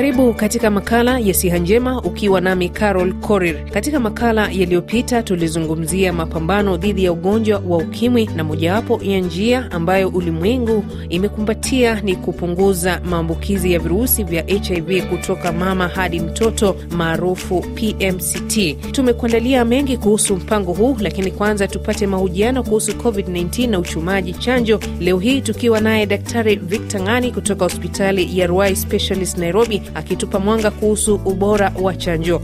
Karibu katika makala ya siha njema, ukiwa nami Carol Korir. Katika makala yaliyopita, tulizungumzia mapambano dhidi ya ugonjwa wa ukimwi, na mojawapo ya njia ambayo ulimwengu imekumbatia ni kupunguza maambukizi ya virusi vya HIV kutoka mama hadi mtoto maarufu PMCT. Tumekuandalia mengi kuhusu mpango huu, lakini kwanza tupate mahojiano kuhusu COVID-19 na uchumaji chanjo, leo hii tukiwa naye Daktari Victor Ngani kutoka hospitali ya Ruai Specialist Nairobi akitupa mwanga kuhusu ubora wa chanjo.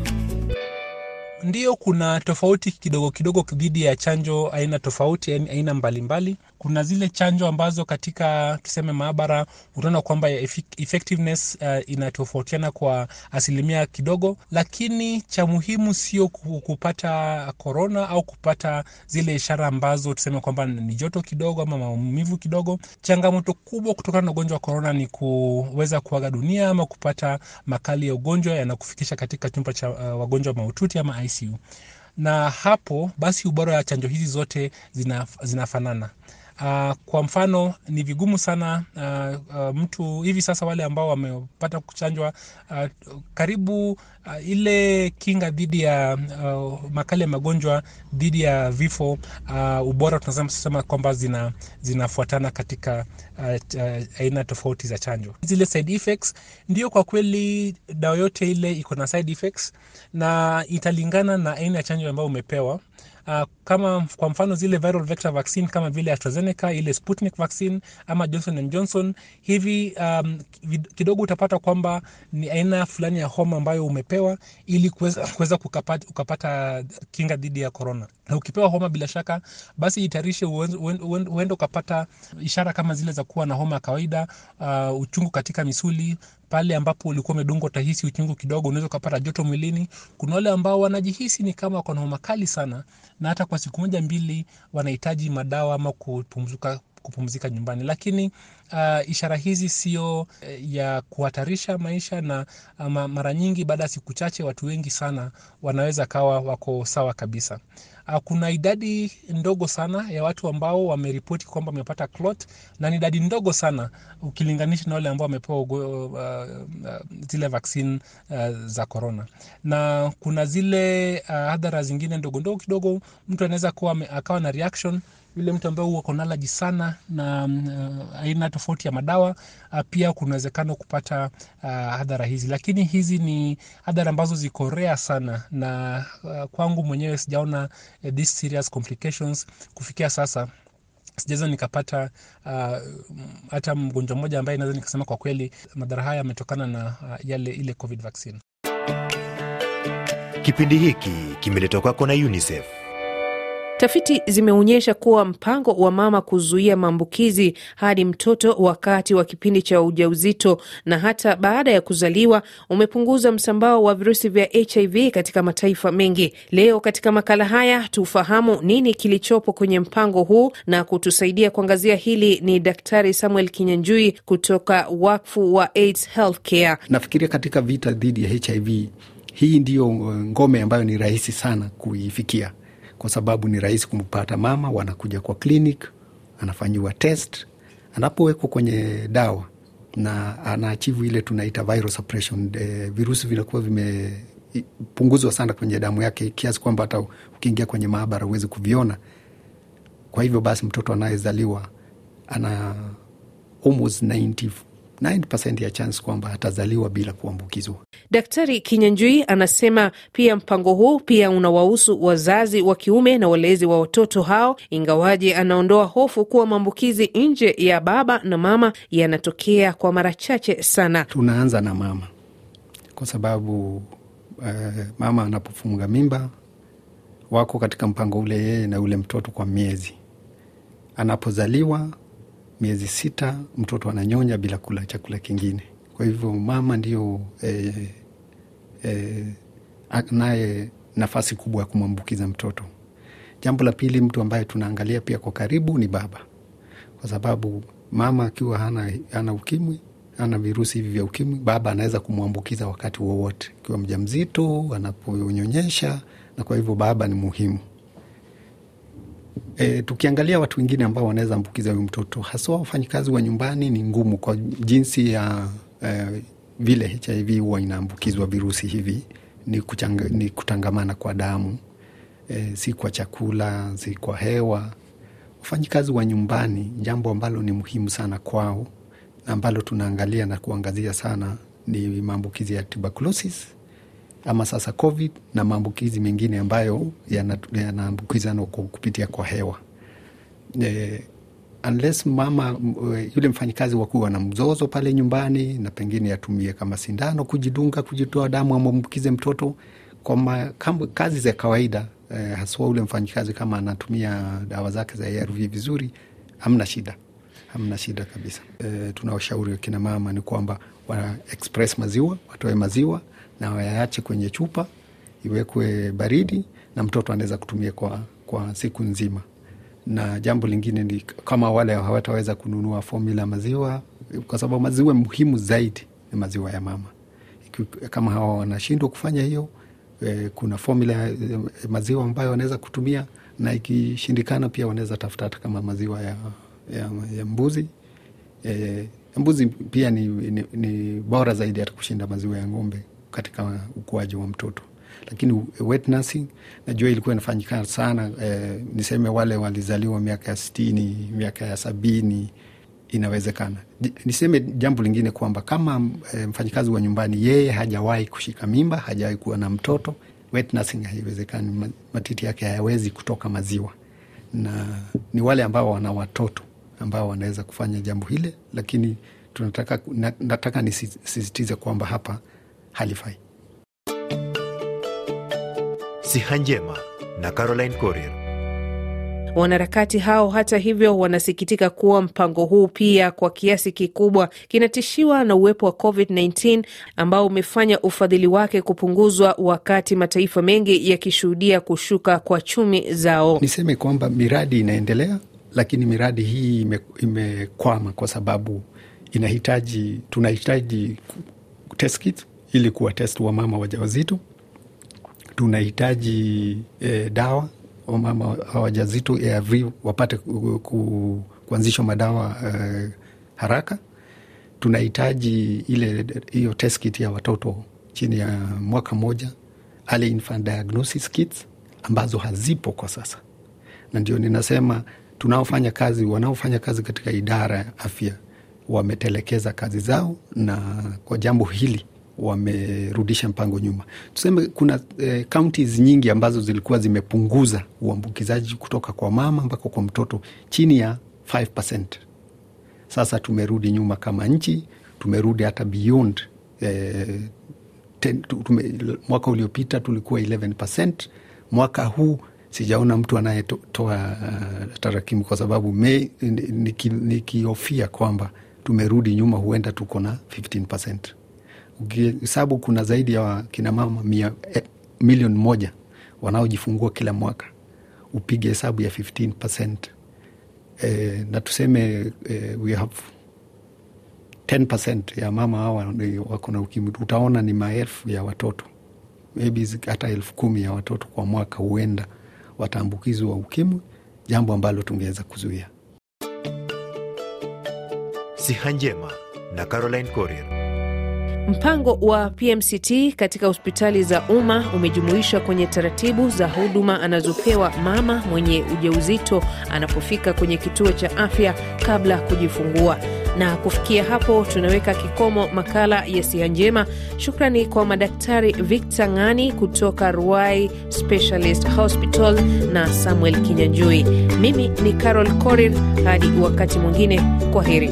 Ndiyo, kuna tofauti kidogo kidogo dhidi ya chanjo aina tofauti, aina mbalimbali mbali kuna zile chanjo ambazo katika tuseme maabara utaona kwamba effectiveness uh, inatofautiana kwa asilimia kidogo, lakini cha muhimu sio kupata korona au kupata zile ishara ambazo tuseme kwamba ni joto kidogo ama maumivu kidogo. Changamoto kubwa kutokana na ugonjwa wa korona ni kuweza kuaga dunia ama kupata makali ya ugonjwa yanakufikisha katika chumba cha uh, wagonjwa mahututi ama ICU na hapo basi ubora wa chanjo hizi zote zina, zinafanana Uh, kwa mfano ni vigumu sana uh, uh, mtu hivi sasa wale ambao wamepata kuchanjwa uh, karibu uh, ile kinga dhidi ya uh, makali ya magonjwa dhidi ya vifo uh, ubora tunasema kwamba zina, zinafuatana katika aina uh, uh, tofauti za chanjo. Zile side effects ndio kwa kweli dawa yote ile iko na side effects na italingana na aina ya chanjo ambayo umepewa uh, kama kwa mfano zile viral vector vaccine kama vile AstraZeneca, ile Sputnik vaccine ama Johnson and Johnson. Hivi um, kidogo utapata kwamba ni aina fulani ya homa ambayo umepewa ili kuweza ukapata kinga dhidi ya corona, na ukipewa homa bila shaka, basi itarishe uende ukapata ishara kama zile za kuwa na homa ya kawaida, uh, uchungu katika misuli pale ambapo ulikuwa umedungwa utahisi uchungu kidogo, unaweza ukapata joto mwilini. Kuna wale ambao wanajihisi ni kama wako na homa kali sana, na hata kwa siku moja mbili wanahitaji madawa ama kupumzuka kupumzika nyumbani lakini uh, ishara hizi sio uh, ya kuhatarisha maisha na uh, mara nyingi baada ya siku chache watu wengi sana wanaweza kawa wako sawa kabisa uh, kuna idadi ndogo sana ya watu ambao wameripoti kwamba wamepata clot na ni idadi ndogo sana ukilinganisha na wale ambao wamepewa uh, uh, zile vaccine uh, za corona na kuna zile uh, hadhara zingine ndogo ndogo kidogo mtu anaweza kuwa akawa na reaction yule mtu ambaye uko na allergy sana na mm, uh, aina tofauti ya madawa uh, pia kuna uwezekano kupata uh, adhara hizi, lakini hizi ni hadhara ambazo ziko rare sana, na uh, kwangu mwenyewe sijaona uh, this serious complications kufikia sasa sijaweza nikapata uh, hata mgonjwa mmoja ambaye naweza nikasema kwa kweli madhara haya yametokana na uh, yale ile covid vaccine. Kipindi hiki kimeletwa kwako na UNICEF. Tafiti zimeonyesha kuwa mpango wa mama kuzuia maambukizi hadi mtoto wakati wa kipindi cha ujauzito na hata baada ya kuzaliwa umepunguza msambao wa virusi vya HIV katika mataifa mengi. Leo katika makala haya tufahamu nini kilichopo kwenye mpango huu, na kutusaidia kuangazia hili ni Daktari Samuel Kinyanjui kutoka wakfu wa AIDS Healthcare. Nafikiria katika vita dhidi ya HIV, hii ndiyo uh, ngome ambayo ni rahisi sana kuifikia kwa sababu ni rahisi kumpata mama. Wanakuja kwa klinik anafanyiwa test, anapowekwa kwenye dawa na anaachivu ile tunaita viral suppression. E, virusi vinakuwa vimepunguzwa sana kwenye damu yake kiasi kwamba hata ukiingia kwenye maabara huwezi kuviona. Kwa hivyo basi mtoto anayezaliwa ana almost 90% ya chance kwamba atazaliwa bila kuambukizwa. Daktari Kinyanjui anasema pia mpango huu pia unawahusu wazazi wa kiume na walezi wa watoto hao, ingawaje anaondoa hofu kuwa maambukizi nje ya baba na mama yanatokea kwa mara chache sana. Tunaanza na mama kwa sababu uh, mama anapofunga mimba wako katika mpango ule yeye na ule mtoto kwa miezi anapozaliwa miezi sita mtoto ananyonya bila kula chakula kingine. Kwa hivyo mama ndiyo e, e, naye nafasi kubwa ya kumwambukiza mtoto. Jambo la pili, mtu ambaye tunaangalia pia kwa karibu ni baba, kwa sababu mama akiwa hana, hana ukimwi ana virusi hivi vya ukimwi, baba anaweza kumwambukiza wakati wowote, akiwa mjamzito, anaponyonyesha, na kwa hivyo baba ni muhimu. E, tukiangalia watu wengine ambao wanaweza ambukiza huyu mtoto haswa wafanyikazi wa nyumbani, ni ngumu kwa jinsi ya e, vile HIV huwa inaambukizwa virusi hivi ni, kuchanga, ni kutangamana kwa damu e, si kwa chakula, si kwa hewa. Wafanyikazi wa nyumbani, jambo ambalo ni muhimu sana kwao ambalo tunaangalia na kuangazia sana ni maambukizi ya tuberculosis ama sasa COVID na maambukizi mengine ambayo yanaambukizana ya kupitia kwa hewa e, unless mama yule mfanyikazi wakuwa na mzozo pale nyumbani, na pengine atumie kama sindano kujidunga, kujitoa damu, amwambukize mtoto kwa ma, kazi za kawaida e, haswa ule mfanyikazi kama anatumia dawa zake za ARV vizuri, hamna shida, hamna shida kabisa. e, tunawashauri wakina mama ni kwamba wana express maziwa, watoe maziwa na wayaache kwenye chupa iwekwe baridi, na mtoto anaweza kutumia kwa, kwa siku nzima. Na jambo lingine ni kama wale hawataweza kununua fomula maziwa, kwa sababu maziwa muhimu zaidi ni maziwa ya mama. Kama hawa wanashindwa kufanya hiyo e, kuna fomula ya maziwa ambayo wanaweza kutumia, na ikishindikana pia wanaweza tafuta hata kama maziwa ya, ya, ya mbuzi e, mbuzi pia ni, ni, ni bora zaidi hata kushinda maziwa ya ng'ombe katika ukuaji wa mtoto lakini wet nursing najua ilikuwa inafanyika sana eh, niseme wale walizaliwa miaka ya sitini miaka ya sabini inawezekana. Niseme jambo lingine kwamba kama eh, mfanyikazi wa nyumbani yeye hajawahi kushika mimba, hajawahi kuwa na mtoto, wet nursing haiwezekani. Matiti yake hayawezi kutoka maziwa, na ni wale ambao wana watoto ambao wanaweza kufanya jambo hile, lakini tunataka, nataka nisisitize kwamba hapa halifai. Siha Njema na Caroline Corrier. Wanaharakati hao hata hivyo wanasikitika kuwa mpango huu pia kwa kiasi kikubwa kinatishiwa na uwepo wa COVID-19 ambao umefanya ufadhili wake kupunguzwa wakati mataifa mengi yakishuhudia kushuka kwa chumi zao. Niseme kwamba miradi inaendelea, lakini miradi hii imekwama ime kwa sababu inahitaji tunahitaji test ili kuwa wa wamama wajawazito. Tunahitaji e, dawa wamama wajawazito ARV wapate ku, ku, kuanzishwa madawa e, haraka. Tunahitaji ile hiyo test kit ya watoto chini ya mwaka mmoja, early infant diagnosis kits ambazo hazipo kwa sasa, na ndio ninasema tunaofanya kazi wanaofanya kazi katika idara ya afya wametelekeza kazi zao, na kwa jambo hili wamerudisha mpango nyuma. Tuseme kuna eh, nyingi ambazo zilikuwa zimepunguza uambukizaji kutoka kwa mama mpaka kwa mtoto chini ya 5%. Sasa tumerudi nyuma kama nchi, tumerudi hata beyond eh, ten, tume, mwaka uliopita tulikuwa 11%. Mwaka huu sijaona mtu anayetoa uh, tarakimu kwa sababu nikihofia niki kwamba tumerudi nyuma, huenda tuko na 15% ukihesabu kuna zaidi ya kinamama mia, eh, milioni moja wanaojifungua kila mwaka, upige hesabu ya 15% eh, na tuseme eh, we have 10% ya mama hawa wako na ukimwi, utaona ni maelfu ya watoto maybe hata elfu kumi ya watoto kwa mwaka huenda wataambukizwa ukimwi, jambo ambalo tungeweza kuzuia. Siha Njema na Caroline corier Mpango wa PMCT katika hospitali za umma umejumuishwa kwenye taratibu za huduma anazopewa mama mwenye ujauzito anapofika kwenye kituo cha afya kabla kujifungua. Na kufikia hapo tunaweka kikomo makala ya Siha Njema. Shukrani kwa madaktari Victor Ng'ani kutoka Ruai Specialist Hospital na Samuel Kinyanjui. Mimi ni Carol corin hadi wakati mwingine, kwa heri.